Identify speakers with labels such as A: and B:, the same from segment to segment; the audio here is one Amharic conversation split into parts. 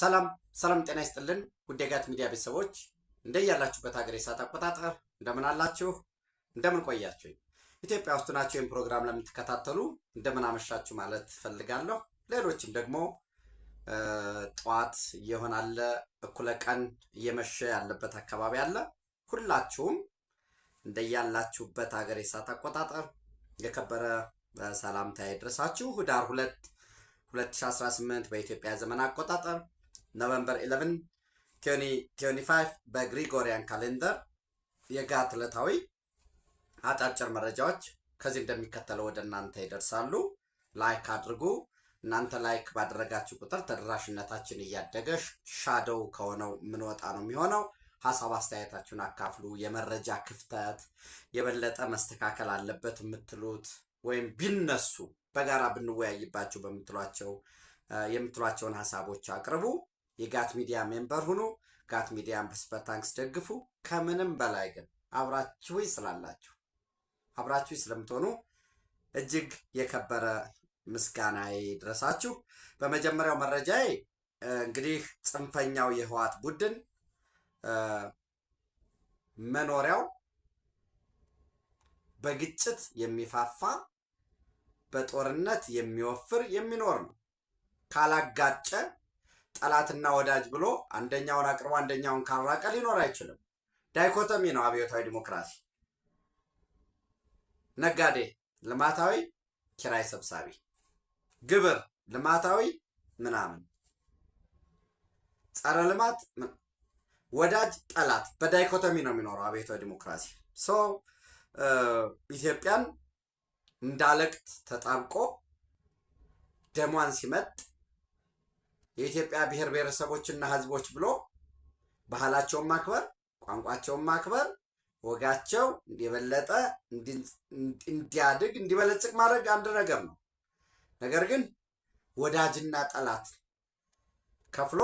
A: ሰላም ሰላም፣ ጤና ይስጥልን ውዴጋት ሚዲያ ቤተሰቦች እንደያላችሁበት ሀገር የሰዓት አቆጣጠር እንደምን አላችሁ? እንደምን ቆያችሁ? ኢትዮጵያ ውስጥ ናችሁ ይህን ፕሮግራም ለምትከታተሉ እንደምን አመሻችሁ ማለት ፈልጋለሁ። ሌሎችም ደግሞ ጠዋት እየሆናለ እኩለ ቀን እየመሸ ያለበት አካባቢ አለ። ሁላችሁም እንደያላችሁበት ሀገር የሰዓት አቆጣጠር የከበረ ሰላምታ ይድረሳችሁ። ህዳር 2 2018 በኢትዮጵያ ዘመን አቆጣጠር ኖቨምበር 11 25 በግሪጎሪያን ካሌንደር የጋት ዕለታዊ አጫጭር መረጃዎች ከዚህ እንደሚከተለው ወደ እናንተ ይደርሳሉ። ላይክ አድርጉ። እናንተ ላይክ ባደረጋችሁ ቁጥር ተደራሽነታችን እያደገ ሻደው ከሆነው ምንወጣ ነው የሚሆነው። ሀሳብ አስተያየታችሁን አካፍሉ። የመረጃ ክፍተት የበለጠ መስተካከል አለበት የምትሉት ወይም ቢነሱ በጋራ ብንወያይባቸው በምትሏቸው የምትሏቸውን ሀሳቦች አቅርቡ። የጋት ሚዲያ ሜምበር ሁኑ። ጋት ሚዲያን በሱፐር ታንክስ ደግፉ። ከምንም በላይ ግን አብራችሁ ስላላችሁ አብራችሁ ስለምትሆኑ እጅግ የከበረ ምስጋና ድረሳችሁ። በመጀመሪያው መረጃዬ እንግዲህ ጽንፈኛው የህወሓት ቡድን መኖሪያው በግጭት የሚፋፋ በጦርነት የሚወፍር የሚኖር ነው ካላጋጨ ጠላትና ወዳጅ ብሎ አንደኛውን አቅርቦ አንደኛውን ካራቀ ሊኖር አይችልም። ዳይኮቶሚ ነው አብዮታዊ ዲሞክራሲ። ነጋዴ ልማታዊ፣ ኪራይ ሰብሳቢ፣ ግብር ልማታዊ ምናምን፣ ጸረ ልማት፣ ወዳጅ ጠላት፣ በዳይኮቶሚ ነው የሚኖረው አብዮታዊ ዲሞክራሲ። ሰው ኢትዮጵያን እንዳለቅት ተጣብቆ ደሟን ሲመጥ የኢትዮጵያ ብሔር ብሔረሰቦችና ህዝቦች ብሎ ባህላቸውን ማክበር፣ ቋንቋቸውን ማክበር፣ ወጋቸው እንዲበለጠ እንዲያድግ እንዲበለጽግ ማድረግ አንድ ነገር ነው። ነገር ግን ወዳጅና ጠላት ከፍሎ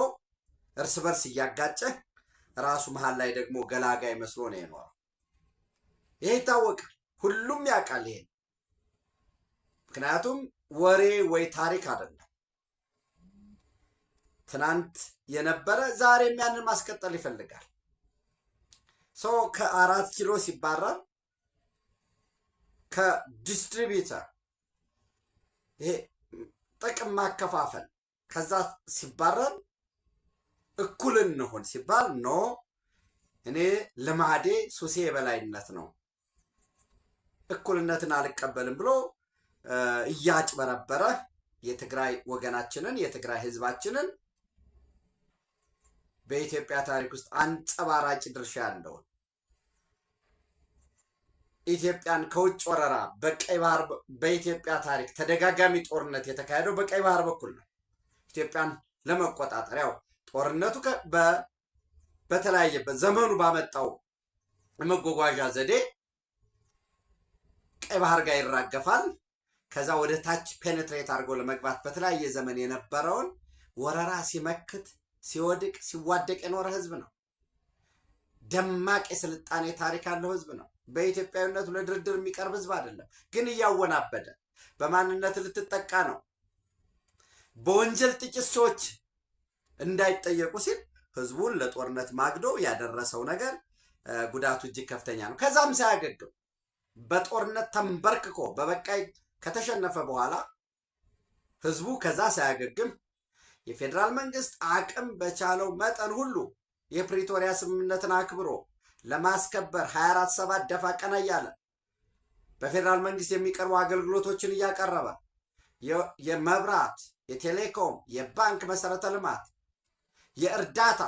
A: እርስ በርስ እያጋጨ ራሱ መሀል ላይ ደግሞ ገላጋይ መስሎ ነው የኖረው። ይሄ ይታወቃል፣ ሁሉም ያውቃል ይሄን። ምክንያቱም ወሬ ወይ ታሪክ አይደለም። ትናንት የነበረ ዛሬም ያንን ማስቀጠል ይፈልጋል። ሰው ከአራት ኪሎ ሲባረር ከዲስትሪቢተር ይሄ ጥቅም ማከፋፈል ከዛ ሲባረር እኩል እንሆን ሲባል ኖ እኔ ልማዴ ሱሴ የበላይነት ነው፣ እኩልነትን አልቀበልም ብሎ እያጭበረበረ የትግራይ ወገናችንን የትግራይ ሕዝባችንን በኢትዮጵያ ታሪክ ውስጥ አንጸባራጭ ድርሻ ያለውን ኢትዮጵያን ከውጭ ወረራ በቀይ ባህር በኢትዮጵያ ታሪክ ተደጋጋሚ ጦርነት የተካሄደው በቀይ ባህር በኩል ነው። ኢትዮጵያን ለመቆጣጠር ያው ጦርነቱ በተለያየበት ዘመኑ ባመጣው መጓጓዣ ዘዴ ቀይ ባህር ጋር ይራገፋል። ከዛ ወደ ታች ፔኔትሬት አድርጎ ለመግባት በተለያየ ዘመን የነበረውን ወረራ ሲመክት ሲወድቅ ሲዋደቅ የኖረ ህዝብ ነው። ደማቅ የስልጣኔ ታሪክ ያለው ህዝብ ነው። በኢትዮጵያዊነቱ ለድርድር የሚቀርብ ህዝብ አይደለም። ግን እያወናበደ በማንነት ልትጠቃ ነው። በወንጀል ጥቂት ሰዎች እንዳይጠየቁ ሲል ህዝቡን ለጦርነት ማግዶ ያደረሰው ነገር ጉዳቱ እጅግ ከፍተኛ ነው። ከዛም ሳያገግም በጦርነት ተንበርክኮ በበቃይ ከተሸነፈ በኋላ ህዝቡ ከዛ ሳያገግም የፌዴራል መንግስት አቅም በቻለው መጠን ሁሉ የፕሪቶሪያ ስምምነትን አክብሮ ለማስከበር 24 ሰባት ደፋ ቀና እያለ በፌዴራል መንግስት የሚቀርቡ አገልግሎቶችን እያቀረበ የመብራት፣ የቴሌኮም፣ የባንክ መሰረተ ልማት፣ የእርዳታ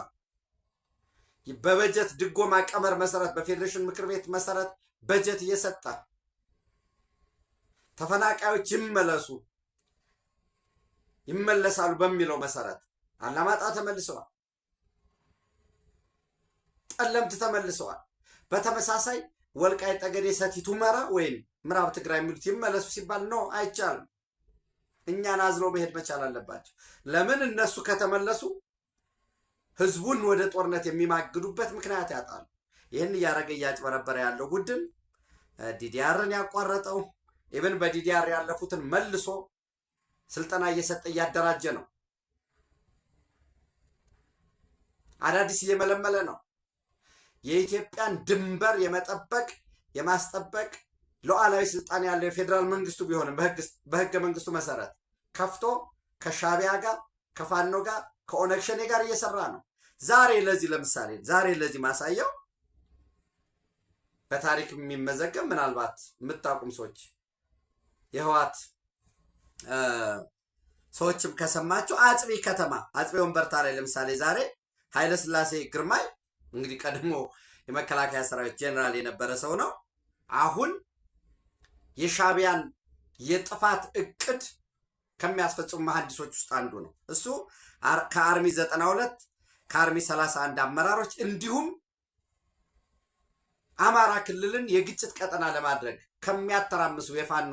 A: በበጀት ድጎማ ቀመር መሰረት በፌዴሬሽን ምክር ቤት መሰረት በጀት እየሰጠ ተፈናቃዮች ይመለሱ ይመለሳሉ በሚለው መሰረት አላማጣ ተመልሰዋል፣ ጠለምት ተመልሰዋል። በተመሳሳይ ወልቃይ ጠገዴ፣ ሰቲት ሁመራ ወይም ምዕራብ ትግራይ የሚሉት ይመለሱ ሲባል ነው አይቻልም። እኛን አዝለው መሄድ መቻል አለባቸው። ለምን እነሱ ከተመለሱ ህዝቡን ወደ ጦርነት የሚማግዱበት ምክንያት ያጣሉ። ይህን እያደረገ እያጭበረበረ ያለው ቡድን ዲዲአርን ያቋረጠው ኢብን በዲዲአር ያለፉትን መልሶ ስልጠና እየሰጠ እያደራጀ ነው። አዳዲስ እየመለመለ ነው። የኢትዮጵያን ድንበር የመጠበቅ የማስጠበቅ ሉዓላዊ ስልጣን ያለው የፌዴራል መንግስቱ ቢሆንም በህገ መንግስቱ መሰረት ከፍቶ ከሻቢያ ጋር ከፋኖ ጋር ከኦነግ ሸኔ ጋር እየሰራ ነው። ዛሬ ለዚህ ለምሳሌ ዛሬ ለዚህ ማሳየው በታሪክ የሚመዘገብ ምናልባት የምታቁም ሰዎች የህዋት ሰዎችም ከሰማችሁ አጽቢ ከተማ አጽቢ ወንበርታ ላይ ለምሳሌ ዛሬ ኃይለስላሴ ግርማይ እንግዲህ ቀድሞ የመከላከያ ሰራዊት ጄኔራል የነበረ ሰው ነው። አሁን የሻቢያን የጥፋት እቅድ ከሚያስፈጽሙ መሐንዲሶች ውስጥ አንዱ ነው። እሱ ከአርሚ 92 ከአርሚ 31 አመራሮች እንዲሁም አማራ ክልልን የግጭት ቀጠና ለማድረግ ከሚያተራምሱ የፋኖ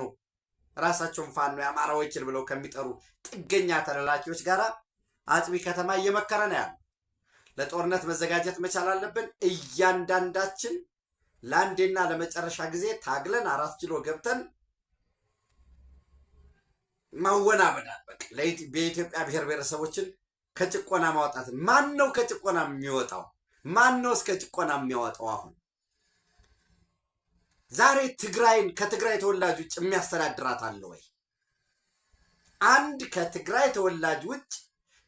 A: ራሳቸውን ፋኖ የአማራ ወኪል ብለው ከሚጠሩ ጥገኛ ተላላኪዎች ጋር አጥቢ ከተማ እየመከረ ነው ያለ። ለጦርነት መዘጋጀት መቻል አለብን። እያንዳንዳችን ለአንዴና ለመጨረሻ ጊዜ ታግለን አራት ኪሎ ገብተን ማወናበዳል። በቃ በኢትዮጵያ ብሔር ብሔረሰቦችን ከጭቆና ማውጣት ማን ነው ከጭቆና የሚወጣው? ማን ነው እስከ ጭቆና የሚያወጣው አሁን ዛሬ ትግራይን ከትግራይ ተወላጅ ውጭ የሚያስተዳድራት አለ ወይ? አንድ ከትግራይ ተወላጅ ውጭ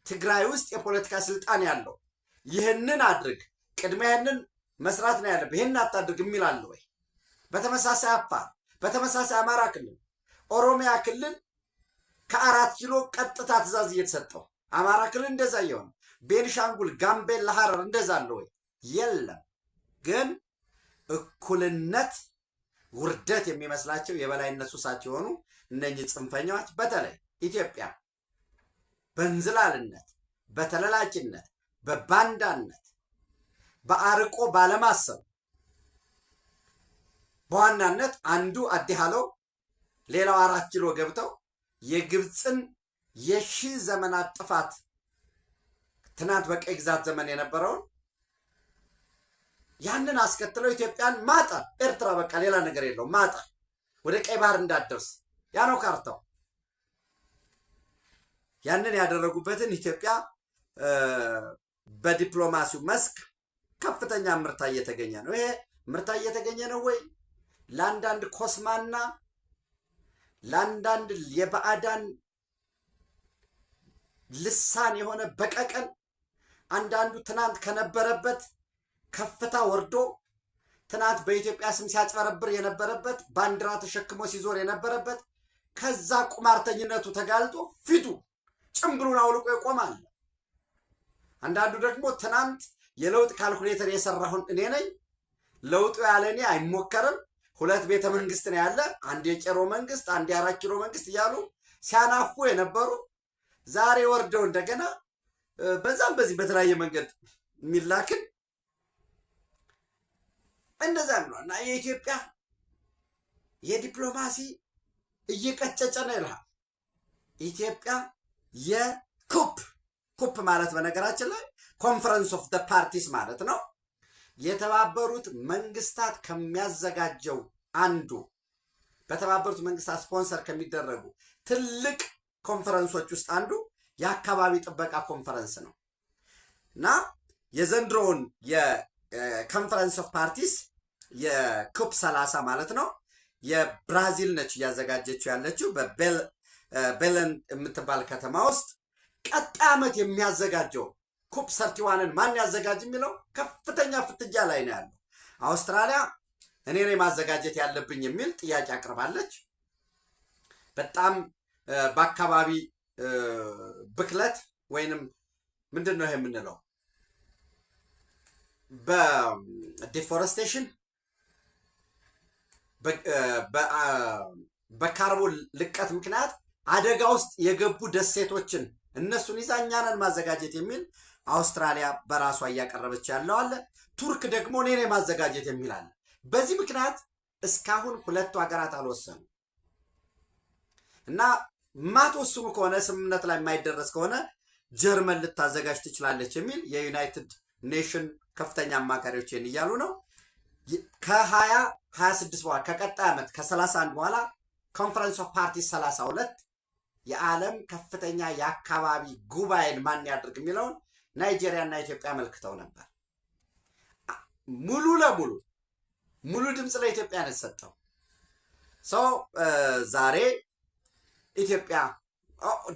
A: ትግራይ ውስጥ የፖለቲካ ስልጣን ያለው ይህንን አድርግ ቅድሚያ ይህንን መስራት ነው ያለብህ፣ ይህን አታድርግ የሚል አለ ወይ? በተመሳሳይ አፋር፣ በተመሳሳይ አማራ ክልል፣ ኦሮሚያ ክልል ከአራት ኪሎ ቀጥታ ትእዛዝ እየተሰጠው አማራ ክልል እንደዛ እየሆነ ቤንሻንጉል፣ ጋምቤላ፣ ሀረር እንደዛ አለ ወይ? የለም። ግን እኩልነት ውርደት የሚመስላቸው የበላይነት ሳት የሆኑ እነኚህ ጽንፈኛዎች በተለይ ኢትዮጵያ በእንዝላልነት፣ በተለላጭነት በባንዳነት፣ በአርቆ ባለማሰብ በዋናነት አንዱ አዲሃለው ሌላው አራት ኪሎ ገብተው የግብፅን የሺህ ዘመናት ጥፋት ትናንት በቀይ ግዛት ዘመን የነበረውን ያንን አስከትለው ኢትዮጵያን ማጠር፣ ኤርትራ በቃ ሌላ ነገር የለው ማጠር፣ ወደ ቀይ ባህር እንዳትደርስ ያ ነው ካርታው። ያንን ያደረጉበትን ኢትዮጵያ በዲፕሎማሲው መስክ ከፍተኛ ምርታ እየተገኘ ነው። ይሄ ምርታ እየተገኘ ነው ወይ ለአንዳንድ ኮስማና ለአንዳንድ የባዕዳን ልሳን የሆነ በቀቀን አንዳንዱ ትናንት ከነበረበት ከፍታ ወርዶ ትናንት በኢትዮጵያ ስም ሲያጭበረብር የነበረበት ባንዲራ ተሸክሞ ሲዞር የነበረበት ከዛ ቁማርተኝነቱ ተጋልጦ ፊቱ ጭምብሉን አውልቆ ይቆማል። አንዳንዱ ደግሞ ትናንት የለውጥ ካልኩሌተር የሰራሁን እኔ ነኝ፣ ለውጡ ያለ እኔ አይሞከርም፣ ሁለት ቤተ መንግስት ነው ያለ፣ አንድ የቄሮ መንግስት፣ አንድ የአራት ኪሎ መንግስት እያሉ ሲያናፉ የነበሩ ዛሬ ወርደው እንደገና በዛም በዚህ በተለያየ መንገድ የሚላክን እንደዛም ነው እና የኢትዮጵያ የዲፕሎማሲ እየቀጨጨ ነው ይልሃል። ኢትዮጵያ የኩፕ ኩፕ ማለት በነገራችን ላይ ኮንፈረንስ ኦፍ ደ ፓርቲስ ማለት ነው። የተባበሩት መንግስታት ከሚያዘጋጀው አንዱ በተባበሩት መንግስታት ስፖንሰር ከሚደረጉ ትልቅ ኮንፈረንሶች ውስጥ አንዱ የአካባቢ ጥበቃ ኮንፈረንስ ነው እና የዘንድሮውን የኮንፈረንስ ኦፍ ፓርቲስ የኩፕ 30 ማለት ነው የብራዚል ነች እያዘጋጀችው ያለችው በቤለን የምትባል ከተማ ውስጥ ቀጣይ ዓመት የሚያዘጋጀው ኩፕ ሰርቲዋንን ማን ያዘጋጅ የሚለው ከፍተኛ ፍትጃ ላይ ነው ያለው። አውስትራሊያ እኔ ነኝ ማዘጋጀት ያለብኝ የሚል ጥያቄ አቅርባለች። በጣም በአካባቢ ብክለት ወይንም ምንድን ነው ይሄ የምንለው በዲፎረስቴሽን በካርቦን ልቀት ምክንያት አደጋ ውስጥ የገቡ ደሴቶችን እነሱን ይዛ እኛንን ማዘጋጀት የሚል አውስትራሊያ በራሷ እያቀረበች ያለው አለ። ቱርክ ደግሞ እኔ ማዘጋጀት የሚል አለ። በዚህ ምክንያት እስካሁን ሁለቱ ሀገራት አልወሰኑ እና ማትወስኑ ከሆነ ስምምነት ላይ የማይደረስ ከሆነ ጀርመን ልታዘጋጅ ትችላለች የሚል የዩናይትድ ኔሽን ከፍተኛ አማካሪዎች ን እያሉ ነው። ከ2026 በኋላ ከቀጣይ ዓመት ከ31 በኋላ ኮንፈረንስ ኦፍ ፓርቲስ 32 የዓለም ከፍተኛ የአካባቢ ጉባኤን ማን ያድርግ የሚለውን ናይጄሪያ እና ኢትዮጵያ አመልክተው ነበር። ሙሉ ለሙሉ ሙሉ ድምፅ ለኢትዮጵያ ነው የተሰጠው። ሰው ዛሬ ኢትዮጵያ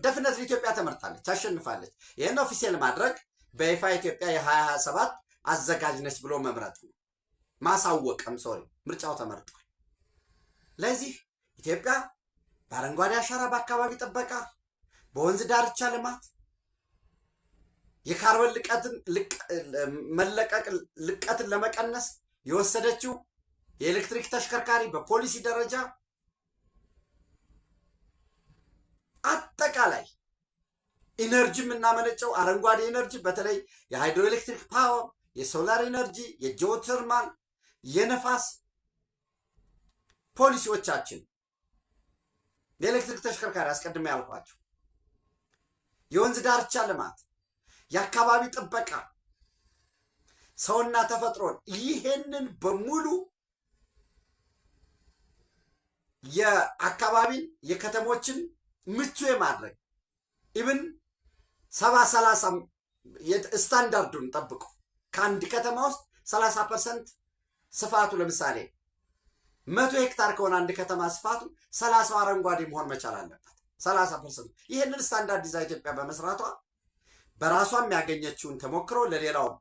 A: ደፍነት ኢትዮጵያ ተመርታለች ታሸንፋለች። ይህን ኦፊሴል ማድረግ በይፋ ኢትዮጵያ የ2027 አዘጋጅ ነች ብሎ መምረጥ ነው። ማሳወቅም ሶሪ ምርጫው ተመርጧል። ለዚህ ኢትዮጵያ በአረንጓዴ አሻራ፣ በአካባቢ ጥበቃ፣ በወንዝ ዳርቻ ልማት የካርበን ልቀትን መለቀቅ ልቀትን ለመቀነስ የወሰደችው የኤሌክትሪክ ተሽከርካሪ በፖሊሲ ደረጃ አጠቃላይ ኢነርጂ የምናመነጨው አረንጓዴ ኢነርጂ በተለይ የሃይድሮኤሌክትሪክ ፓወር፣ የሶላር ኢነርጂ፣ የጂኦተርማል የነፋስ ፖሊሲዎቻችን የኤሌክትሪክ ተሽከርካሪ አስቀድሜ ያልኳቸው የወንዝ ዳርቻ ልማት፣ የአካባቢ ጥበቃ፣ ሰውና ተፈጥሮን ይሄንን በሙሉ የአካባቢን የከተሞችን ምቹ የማድረግ ኢብን ሰባ ሰላሳ ስታንዳርዱን ጠብቆ ከአንድ ከተማ ውስጥ ሰላሳ ፐርሰንት ስፋቱ ለምሳሌ መቶ ሄክታር ከሆነ አንድ ከተማ ስፋቱ ሰላሳው አረንጓዴ መሆን መቻል አለበት። ሰላሳ ፐርሰንት ይህንን ስታንዳርድ ይዛ ኢትዮጵያ በመስራቷ በራሷም ያገኘችውን ተሞክሮ ለሌላውም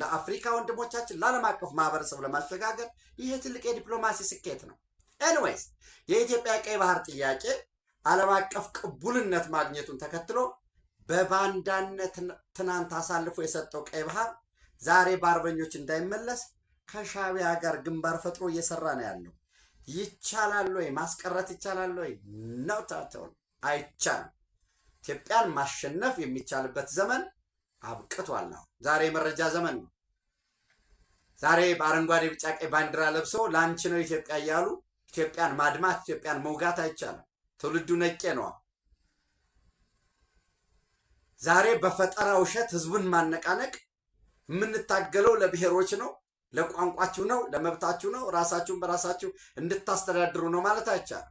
A: ለአፍሪካ ወንድሞቻችን ለዓለም አቀፍ ማህበረሰብ ለማሸጋገር ይህ ትልቅ የዲፕሎማሲ ስኬት ነው። ኤኒዌይስ የኢትዮጵያ ቀይ ባህር ጥያቄ ዓለም አቀፍ ቅቡልነት ማግኘቱን ተከትሎ በባንዳነት ትናንት አሳልፎ የሰጠው ቀይ ባህር ዛሬ በአርበኞች እንዳይመለስ ከሻቢያ ጋር ግንባር ፈጥሮ እየሰራ ነው ያለው። ይቻላል ወይ ማስቀረት ይቻላል ወይ ነው ታተው አይቻልም። ኢትዮጵያን ማሸነፍ የሚቻልበት ዘመን አብቅቷል። ዛሬ የመረጃ ዘመን ነው። ዛሬ በአረንጓዴ ቢጫ ቀይ ባንዲራ ለብሶ ለአንቺ ነው ኢትዮጵያ እያሉ ኢትዮጵያን ማድማት ኢትዮጵያን መውጋት አይቻልም። ትውልዱ ነቄ ነዋ። ዛሬ በፈጠራ ውሸት ህዝቡን ማነቃነቅ የምንታገለው ለብሔሮች ነው። ለቋንቋችሁ ነው፣ ለመብታችሁ ነው፣ ራሳችሁን በራሳችሁ እንድታስተዳድሩ ነው ማለት አይቻል።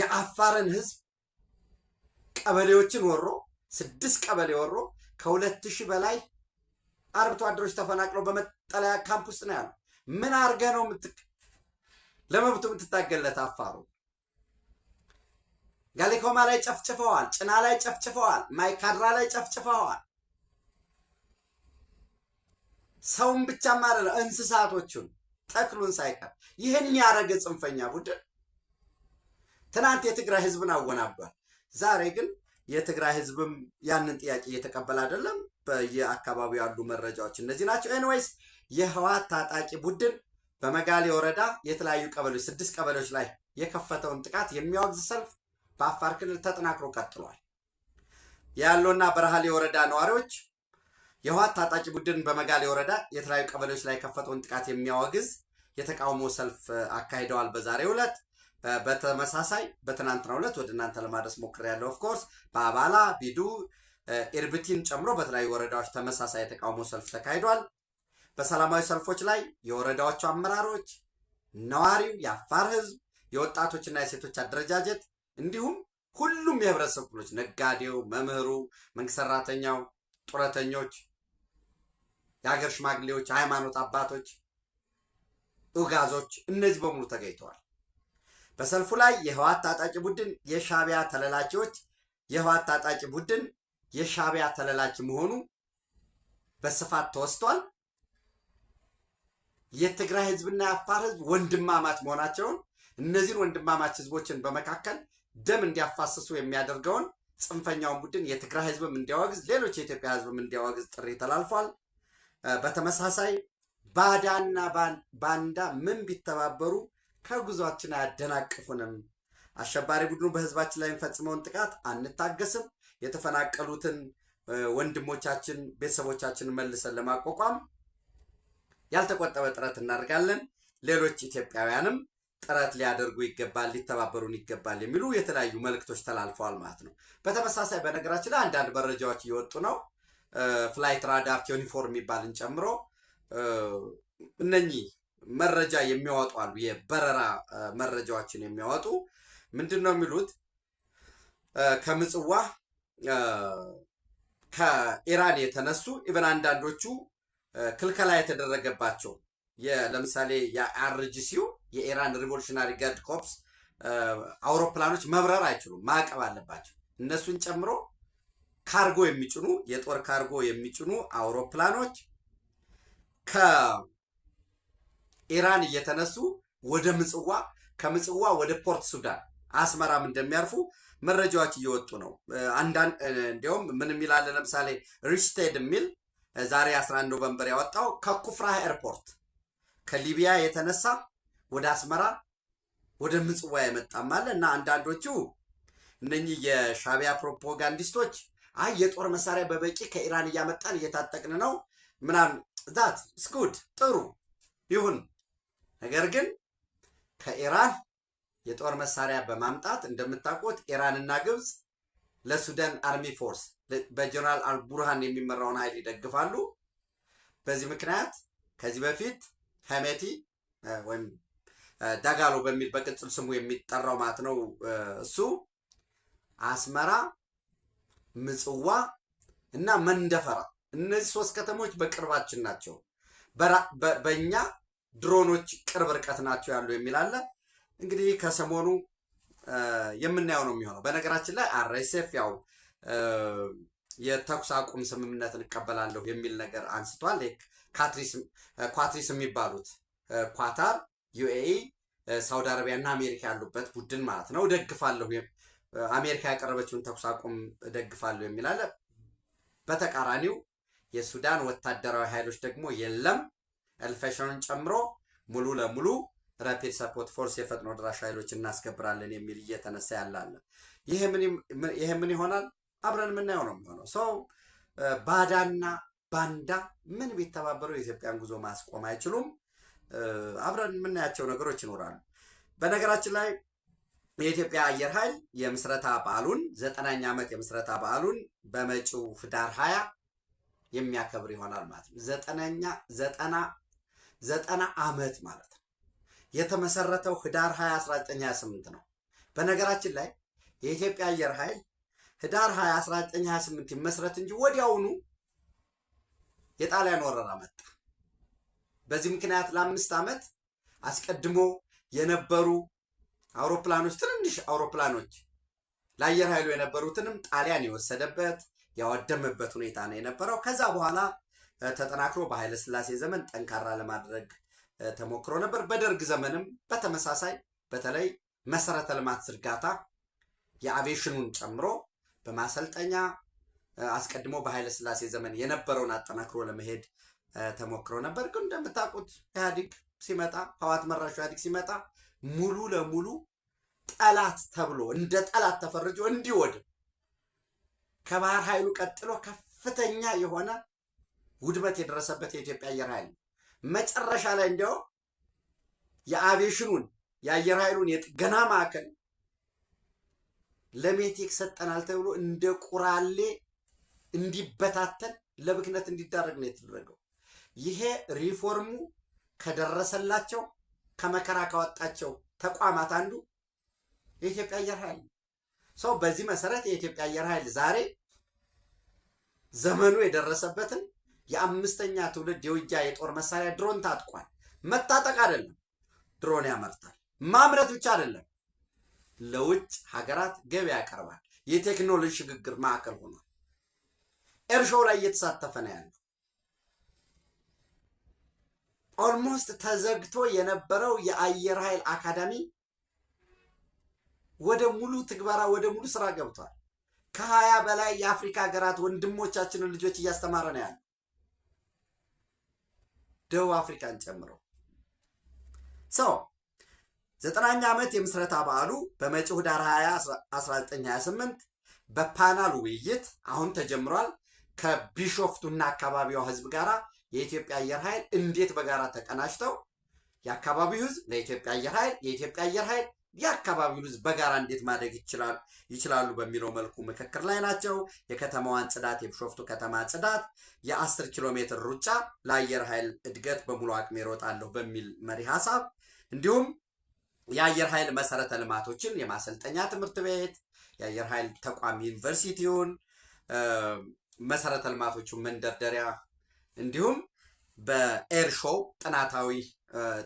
A: የአፋርን ህዝብ ቀበሌዎችን ወሮ ስድስት ቀበሌ ወሮ ከሁለት ሺህ በላይ አርብቶ አደሮች ተፈናቅለው በመጠለያ ካምፕ ውስጥ ነው ያሉ። ምን አርገ ነው ለመብቱ የምትታገለት? አፋሩ ጋሊኮማ ላይ ጨፍጭፈዋል፣ ጭና ላይ ጨፍጭፈዋል፣ ማይካድራ ላይ ጨፍጭፈዋል፣ ሰውን ብቻ ማረረ እንስሳቶቹን ተክሉን ሳይቀር ይህን ያደረገ ጽንፈኛ ቡድን ትናንት የትግራይ ህዝብን አወናብዷል። ዛሬ ግን የትግራይ ህዝብም ያንን ጥያቄ እየተቀበለ አይደለም። በየአካባቢው ያሉ መረጃዎች እነዚህ ናቸው። ኤንዌይስ የህዋት ታጣቂ ቡድን በመጋሌ ወረዳ የተለያዩ ቀበሌዎች ስድስት ቀበሌዎች ላይ የከፈተውን ጥቃት የሚያወግዝ ሰልፍ በአፋር ክልል ተጠናክሮ ቀጥሏል። ያለውና በረሃሌ ወረዳ ነዋሪዎች የህወሓት ታጣቂ ቡድን በመጋሌ ወረዳ የተለያዩ ቀበሌዎች ላይ የከፈተውን ጥቃት የሚያወግዝ የተቃውሞ ሰልፍ አካሂደዋል። በዛሬው ዕለት በተመሳሳይ በትናንትናው ዕለት ወደ እናንተ ለማድረስ ሞክሬያለሁ። ኦፍኮርስ በአባላ ቢዱ፣ ኤርብቲን ጨምሮ በተለያዩ ወረዳዎች ተመሳሳይ የተቃውሞ ሰልፍ ተካሂዷል። በሰላማዊ ሰልፎች ላይ የወረዳዎቹ አመራሮች፣ ነዋሪው፣ የአፋር ህዝብ፣ የወጣቶችና የሴቶች አደረጃጀት እንዲሁም ሁሉም የህብረተሰብ ክፍሎች ነጋዴው፣ መምህሩ፣ መንግስት ሰራተኛው፣ ጡረተኞች የሀገር ሽማግሌዎች፣ የሃይማኖት አባቶች፣ ኡጋዞች እነዚህ በሙሉ ተገኝተዋል። በሰልፉ ላይ የህወሓት ታጣቂ ቡድን የሻቢያ ተለላኪዎች የህወሓት ታጣቂ ቡድን የሻቢያ ተለላኪ መሆኑ በስፋት ተወስቷል። የትግራይ ህዝብና የአፋር ህዝብ ወንድማማች መሆናቸውን እነዚህን ወንድማማች ህዝቦችን በመካከል ደም እንዲያፋስሱ የሚያደርገውን ጽንፈኛውን ቡድን የትግራይ ህዝብም እንዲያወግዝ፣ ሌሎች የኢትዮጵያ ህዝብም እንዲያወግዝ ጥሪ ተላልፏል። በተመሳሳይ ባዳና ባንዳ ምን ቢተባበሩ ከጉዟችን አያደናቅፉንም። አሸባሪ ቡድኑ በህዝባችን ላይ የሚፈጽመውን ጥቃት አንታገስም። የተፈናቀሉትን ወንድሞቻችን፣ ቤተሰቦቻችን መልሰን ለማቋቋም ያልተቆጠበ ጥረት እናደርጋለን። ሌሎች ኢትዮጵያውያንም ጥረት ሊያደርጉ ይገባል፣ ሊተባበሩን ይገባል የሚሉ የተለያዩ መልእክቶች ተላልፈዋል ማለት ነው። በተመሳሳይ በነገራችን ላይ አንዳንድ መረጃዎች እየወጡ ነው። ፍላይት ራዳር ዩኒፎርም የሚባልን ጨምሮ እነኚህ መረጃ የሚያወጡ አሉ። የበረራ መረጃዎችን የሚያወጡ ምንድን ነው የሚሉት ከምጽዋ ከኢራን የተነሱ ኢቨን አንዳንዶቹ ክልከላ የተደረገባቸው ለምሳሌ የአርጂሲው የኢራን ሪቮሉሽናሪ ጋርድ ኮፕስ አውሮፕላኖች መብረር አይችሉም፣ ማዕቀብ አለባቸው። እነሱን ጨምሮ ካርጎ የሚጭኑ የጦር ካርጎ የሚጭኑ አውሮፕላኖች ከኢራን እየተነሱ ወደ ምጽዋ ከምጽዋ ወደ ፖርት ሱዳን አስመራም እንደሚያርፉ መረጃዎች እየወጡ ነው። አንዳንድ እንዲሁም ምን የሚላለ ለምሳሌ ሪችስቴድ የሚል ዛሬ 11 ኖቨምበር ያወጣው ከኩፍራህ ኤርፖርት ከሊቢያ የተነሳ ወደ አስመራ ወደ ምጽዋ የመጣም አለ እና አንዳንዶቹ እነኚህ የሻቢያ ፕሮፓጋንዲስቶች አይ የጦር መሳሪያ በበቂ ከኢራን እያመጣን እየታጠቅን ነው ምናምን ዛት ስኩድ ጥሩ ይሁን። ነገር ግን ከኢራን የጦር መሳሪያ በማምጣት እንደምታውቁት ኢራንና ግብፅ ለሱዳን አርሚ ፎርስ በጀነራል አልቡርሃን የሚመራውን ኃይል ይደግፋሉ። በዚህ ምክንያት ከዚህ በፊት ሄሜቲ ወይም ዳጋሎ በሚል በቅጽል ስሙ የሚጠራው ማለት ነው እሱ አስመራ ምጽዋ እና መንደፈራ እነዚህ ሶስት ከተሞች በቅርባችን ናቸው። በእኛ ድሮኖች ቅርብ ርቀት ናቸው ያሉ የሚላለ እንግዲህ ከሰሞኑ የምናየው ነው የሚሆነው። በነገራችን ላይ አርኤስኤፍ ያው የተኩስ አቁም ስምምነት እንቀበላለሁ የሚል ነገር አንስቷል። ኳትሪስ የሚባሉት ኳታር፣ ዩኤኢ፣ ሳውዲ አረቢያ እና አሜሪካ ያሉበት ቡድን ማለት ነው ደግፋለሁ አሜሪካ ያቀረበችውን ተኩስ አቁም እደግፋለሁ የሚል አለ። በተቃራኒው የሱዳን ወታደራዊ ኃይሎች ደግሞ የለም ኤልፈሸንን ጨምሮ ሙሉ ለሙሉ ራፒድ ሰፖርት ፎርስ የፈጥኖ ድራሽ ኃይሎች እናስከብራለን የሚል እየተነሳ ያላለ ይሄ ምን ይሆናል? አብረን የምናየው ነው የሚሆነው። ሰው ባዳና ባንዳ ምን ቢተባበረው የኢትዮጵያን ጉዞ ማስቆም አይችሉም። አብረን የምናያቸው ነገሮች ይኖራሉ። በነገራችን ላይ የኢትዮጵያ አየር ኃይል የምስረታ በዓሉን ዘጠናኛ ዓመት የምስረታ በዓሉን በመጪው ህዳር ሀያ የሚያከብር ይሆናል ማለት ነው። ዘጠነኛ ዘጠና ዘጠና ዓመት ማለት ነው። የተመሰረተው ህዳር 20 1928 ነው። በነገራችን ላይ የኢትዮጵያ አየር ኃይል ህዳር 2 1928 ይመስረት እንጂ ወዲያውኑ የጣሊያን ወረራ መጣ። በዚህ ምክንያት ለአምስት ዓመት አስቀድሞ የነበሩ አውሮፕላኖች ትንንሽ አውሮፕላኖች ለአየር ኃይሉ የነበሩትንም ጣሊያን የወሰደበት ያወደመበት ሁኔታ ነው የነበረው። ከዛ በኋላ ተጠናክሮ በኃይለ ስላሴ ዘመን ጠንካራ ለማድረግ ተሞክሮ ነበር። በደርግ ዘመንም በተመሳሳይ በተለይ መሰረተ ልማት ዝርጋታ የአቬሽኑን ጨምሮ በማሰልጠኛ አስቀድሞ በኃይለ ስላሴ ዘመን የነበረውን አጠናክሮ ለመሄድ ተሞክሮ ነበር። ግን እንደምታውቁት ኢህአዲግ ሲመጣ፣ ህወሓት መራሹ ኢህአዲግ ሲመጣ ሙሉ ለሙሉ ጠላት ተብሎ እንደ ጠላት ተፈርጆ እንዲወድም ከባህር ኃይሉ ቀጥሎ ከፍተኛ የሆነ ውድመት የደረሰበት የኢትዮጵያ አየር ኃይል ነው። መጨረሻ ላይ እንዲያውም የአቪዬሽኑን የአየር ኃይሉን የጥገና ማዕከል ለሜቴክ ሰጠናል ተብሎ እንደ ቁራሌ እንዲበታተን ለብክነት እንዲዳረግ ነው የተደረገው። ይሄ ሪፎርሙ ከደረሰላቸው ከመከራ ካወጣቸው ተቋማት አንዱ የኢትዮጵያ አየር ኃይል ነው። ሰው በዚህ መሰረት የኢትዮጵያ አየር ኃይል ዛሬ ዘመኑ የደረሰበትን የአምስተኛ ትውልድ የውጊያ የጦር መሳሪያ ድሮን ታጥቋል። መታጠቅ አይደለም ድሮን ያመርታል። ማምረት ብቻ አይደለም ለውጭ ሀገራት ገበያ ያቀርባል። የቴክኖሎጂ ሽግግር ማዕከል ሆኗል። ኤርሾው ላይ እየተሳተፈ ነው ያለው። ኦልሞስት ተዘግቶ የነበረው የአየር ኃይል አካዳሚ ወደ ሙሉ ትግበራ ወደ ሙሉ ስራ ገብቷል። ከሀያ በላይ የአፍሪካ ሀገራት ወንድሞቻችንን ልጆች እያስተማረ ነው ያለ ደቡብ አፍሪካን ጨምሮ ሰው ዘጠናኛ ዓመት የምስረታ በዓሉ በመጪው ዳር 20 1928 በፓናል ውይይት አሁን ተጀምሯል። ከቢሾፍቱና አካባቢዋ ህዝብ ጋራ የኢትዮጵያ አየር ኃይል እንዴት በጋራ ተቀናጅተው የአካባቢው ህዝብ ለኢትዮጵያ አየር ኃይል የኢትዮጵያ አየር ኃይል የአካባቢው ህዝብ በጋራ እንዴት ማደግ ይችላሉ በሚለው መልኩ ምክክር ላይ ናቸው። የከተማዋን ጽዳት፣ የቢሾፍቱ ከተማ ጽዳት፣ የአስር ኪሎ ሜትር ሩጫ ለአየር ኃይል እድገት በሙሉ አቅም ይሮጣለሁ በሚል መሪ ሀሳብ እንዲሁም የአየር ኃይል መሰረተ ልማቶችን የማሰልጠኛ ትምህርት ቤት፣ የአየር ኃይል ተቋም ዩኒቨርሲቲውን መሰረተ ልማቶቹን መንደርደሪያ እንዲሁም በኤር ሾው ጥናታዊ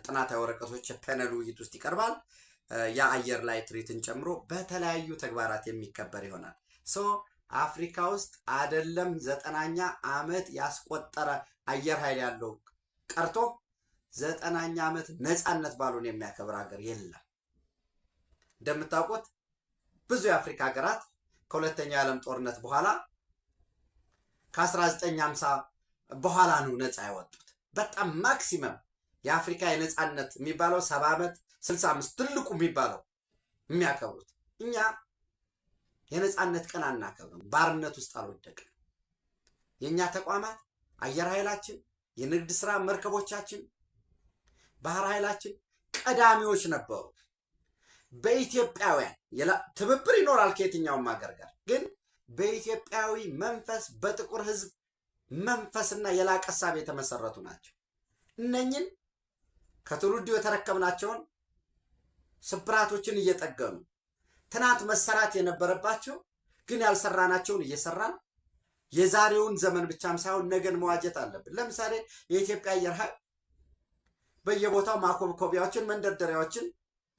A: ጥናታዊ ወረቀቶች የፓነል ውይይት ውስጥ ይቀርባል። የአየር ላይ ትርኢትን ጨምሮ በተለያዩ ተግባራት የሚከበር ይሆናል። ሶ አፍሪካ ውስጥ አደለም ዘጠናኛ ዓመት ያስቆጠረ አየር ኃይል ያለው ቀርቶ ዘጠናኛ ዓመት ነፃነት ባሉን የሚያከብር ሀገር የለም። እንደምታውቁት ብዙ የአፍሪካ ሀገራት ከሁለተኛው የዓለም ጦርነት በኋላ ከ1950 በኋላ ነው ነፃ ያወጡት። በጣም ማክሲመም የአፍሪካ የነፃነት የሚባለው ሰባ ዓመት ስልሳ አምስት ትልቁ የሚባለው የሚያከብሩት እኛ የነፃነት ቀን አናከብርም። ባርነት ውስጥ አልወደቅም። የእኛ ተቋማት አየር ኃይላችን፣ የንግድ ስራ መርከቦቻችን፣ ባህር ኃይላችን ቀዳሚዎች ነበሩ። በኢትዮጵያውያን ትብብር ይኖራል ከየትኛውም ሀገር ጋር ግን በኢትዮጵያዊ መንፈስ በጥቁር ሕዝብ መንፈስና የላቀ ሀሳብ የተመሰረቱ ናቸው። እነኝን ከትውልዱ የተረከብናቸውን ስብራቶችን እየጠገኑ ትናንት መሰራት የነበረባቸው ግን ያልሰራናቸውን እየሰራን የዛሬውን ዘመን ብቻም ሳይሆን ነገን መዋጀት አለብን። ለምሳሌ የኢትዮጵያ አየር ኃይል በየቦታው ማኮብኮቢያዎችን፣ መንደርደሪያዎችን፣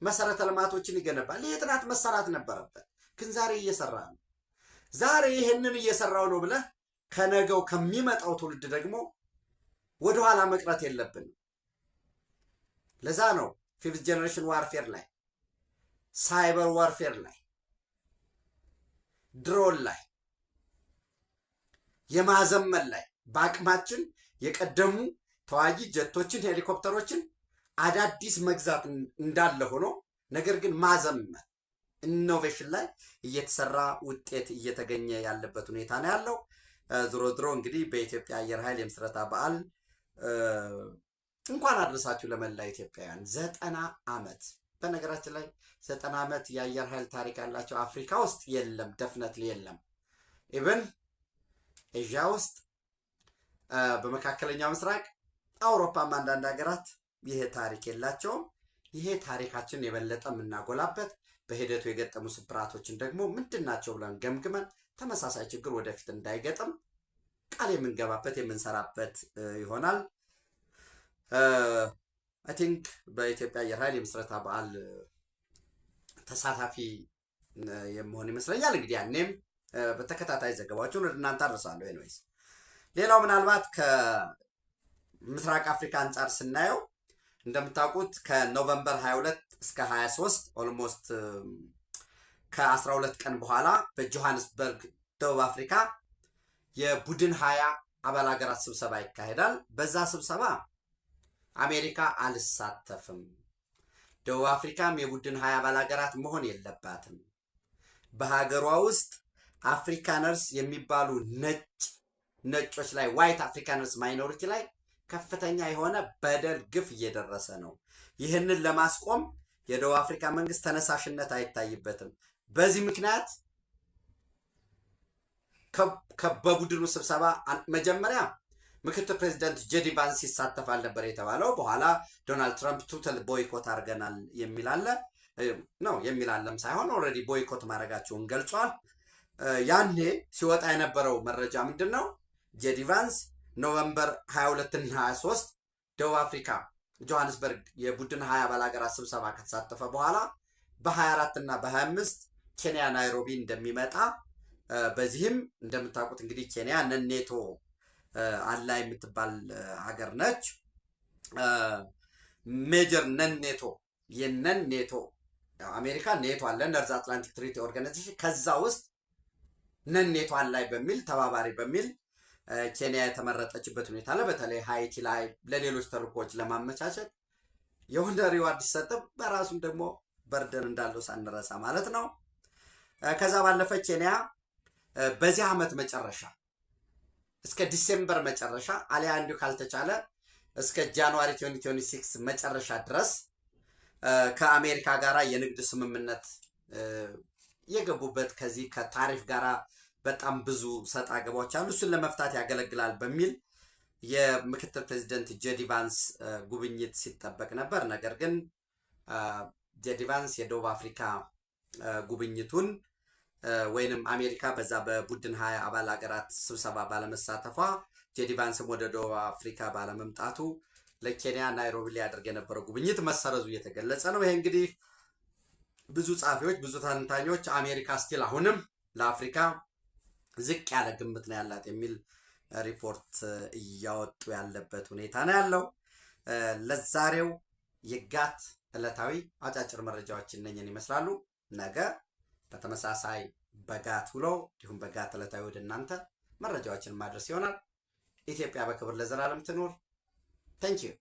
A: መሰረተ ልማቶችን ይገነባል። ይህ ትናንት መሰራት ነበረበት፣ ግን ዛሬ እየሰራ ነው። ዛሬ ይህንን እየሰራው ነው ብለህ ከነገው ከሚመጣው ትውልድ ደግሞ ወደኋላ መቅረት የለብንም። ለዛ ነው ፊፍት ጀኔሬሽን ዋርፌር ላይ ሳይበር ዋርፌር ላይ ድሮን ላይ የማዘመን ላይ በአቅማችን የቀደሙ ተዋጊ ጀቶችን፣ ሄሊኮፕተሮችን አዳዲስ መግዛት እንዳለ ሆኖ ነገር ግን ማዘመን ኢኖቬሽን ላይ እየተሰራ ውጤት እየተገኘ ያለበት ሁኔታ ነው ያለው። ዝሮ ዝሮ እንግዲህ በኢትዮጵያ አየር ኃይል የምስረታ በዓል እንኳን አድረሳችሁ ለመላ ኢትዮጵያውያን። ዘጠና ዓመት በነገራችን ላይ ዘጠና ዓመት የአየር ኃይል ታሪክ ያላቸው አፍሪካ ውስጥ የለም፣ ደፍነት የለም። ኢብን ኤዥያ ውስጥ፣ በመካከለኛው ምስራቅ፣ አውሮፓም አንዳንድ ሀገራት ይሄ ታሪክ የላቸውም። ይሄ ታሪካችን የበለጠ የምናጎላበት በሂደቱ የገጠሙ ስብራቶችን ደግሞ ምንድን ናቸው ብለን ገምግመን ተመሳሳይ ችግር ወደፊት እንዳይገጥም ቃል የምንገባበት የምንሰራበት ይሆናል። አይ ቲንክ በኢትዮጵያ አየር ኃይል የምስረታ በዓል ተሳታፊ የመሆን ይመስለኛል። እንግዲህ ያኔም በተከታታይ ዘገባዎችን ወደ እናንተ አድርሳለሁ። ኤንዌይስ ሌላው ምናልባት ከምስራቅ አፍሪካ አንጻር ስናየው እንደምታውቁት ከኖቨምበር 22 እስከ 23 ኦልሞስት ከ12 ቀን በኋላ በጆሃንስበርግ ደቡብ አፍሪካ የቡድን ሀያ አባል ሀገራት ስብሰባ ይካሄዳል። በዛ ስብሰባ አሜሪካ አልሳተፍም፣ ደቡብ አፍሪካም የቡድን ሀያ አባል ሀገራት መሆን የለባትም፣ በሀገሯ ውስጥ አፍሪካነርስ የሚባሉ ነጭ ነጮች ላይ ዋይት አፍሪካነርስ ማይኖሪቲ ላይ ከፍተኛ የሆነ በደል ግፍ እየደረሰ ነው። ይህንን ለማስቆም የደቡብ አፍሪካ መንግስት ተነሳሽነት አይታይበትም። በዚህ ምክንያት በቡድኑ ስብሰባ መጀመሪያ ምክትል ፕሬዚደንት ጄዲ ቫንስ ይሳተፋል ነበር የተባለው። በኋላ ዶናልድ ትራምፕ ቱተል ቦይኮት አድርገናል የሚላለ ነው የሚላለም ሳይሆን ኦልሬዲ ቦይኮት ማድረጋቸውን ገልጿል። ያኔ ሲወጣ የነበረው መረጃ ምንድን ነው? ጄዲ ቫንስ ኖቨምበር 22 እና 23 ደቡብ አፍሪካ ጆሃንስበርግ የቡድን ሀያ አባል ሀገራት ስብሰባ ከተሳተፈ በኋላ በ24 እና በ25 ኬንያ ናይሮቢ እንደሚመጣ በዚህም እንደምታውቁት እንግዲህ ኬንያ ነኔቶ አላ የምትባል ሀገር ነች። ሜጀር ነን ኔቶ የነን ኔቶ አሜሪካ ኔቶ አለ ነርዝ አትላንቲክ ትሪቲ ኦርጋናይዜሽን ከዛ ውስጥ ነን ኔቶ አላይ በሚል ተባባሪ በሚል ኬንያ የተመረጠችበት ሁኔታ አለ። በተለይ ሀይቲ ላይ ለሌሎች ተልኮዎች ለማመቻቸት የሆነ ሪዋርድ ሲሰጥ በራሱም ደግሞ በርደን እንዳለው ሳንረሳ ማለት ነው። ከዛ ባለፈ ኬንያ በዚህ ዓመት መጨረሻ እስከ ዲሴምበር መጨረሻ አሊያ እንዲሁ ካልተቻለ እስከ ጃንዋሪ 2026 መጨረሻ ድረስ ከአሜሪካ ጋራ የንግድ ስምምነት የገቡበት ከዚህ ከታሪፍ ጋራ በጣም ብዙ ሰጣ ገባዎች አሉ። እሱን ለመፍታት ያገለግላል በሚል የምክትል ፕሬዚደንት ጄዲ ቫንስ ጉብኝት ሲጠበቅ ነበር። ነገር ግን ጄዲ ቫንስ የደቡብ አፍሪካ ጉብኝቱን ወይንም አሜሪካ በዛ በቡድን ሀያ አባል ሀገራት ስብሰባ ባለመሳተፏ ቴዲ ቫንስም ወደ ደቡብ አፍሪካ ባለመምጣቱ ለኬንያ ናይሮቢ ሊያደርግ የነበረው ጉብኝት መሰረዙ እየተገለጸ ነው። ይሄ እንግዲህ ብዙ ጸሐፊዎች፣ ብዙ ተንታኞች አሜሪካ ስቲል አሁንም ለአፍሪካ ዝቅ ያለ ግምት ነው ያላት የሚል ሪፖርት እያወጡ ያለበት ሁኔታ ነው ያለው። ለዛሬው የጋት ዕለታዊ አጫጭር መረጃዎች እነኝን ይመስላሉ ነገ በተመሳሳይ በጋት ውሎ እንዲሁም በጋት ዕለታዊ ወደ እናንተ መረጃዎችን ማድረስ ይሆናል። ኢትዮጵያ በክብር ለዘላለም ትኖር። ተንኪዩ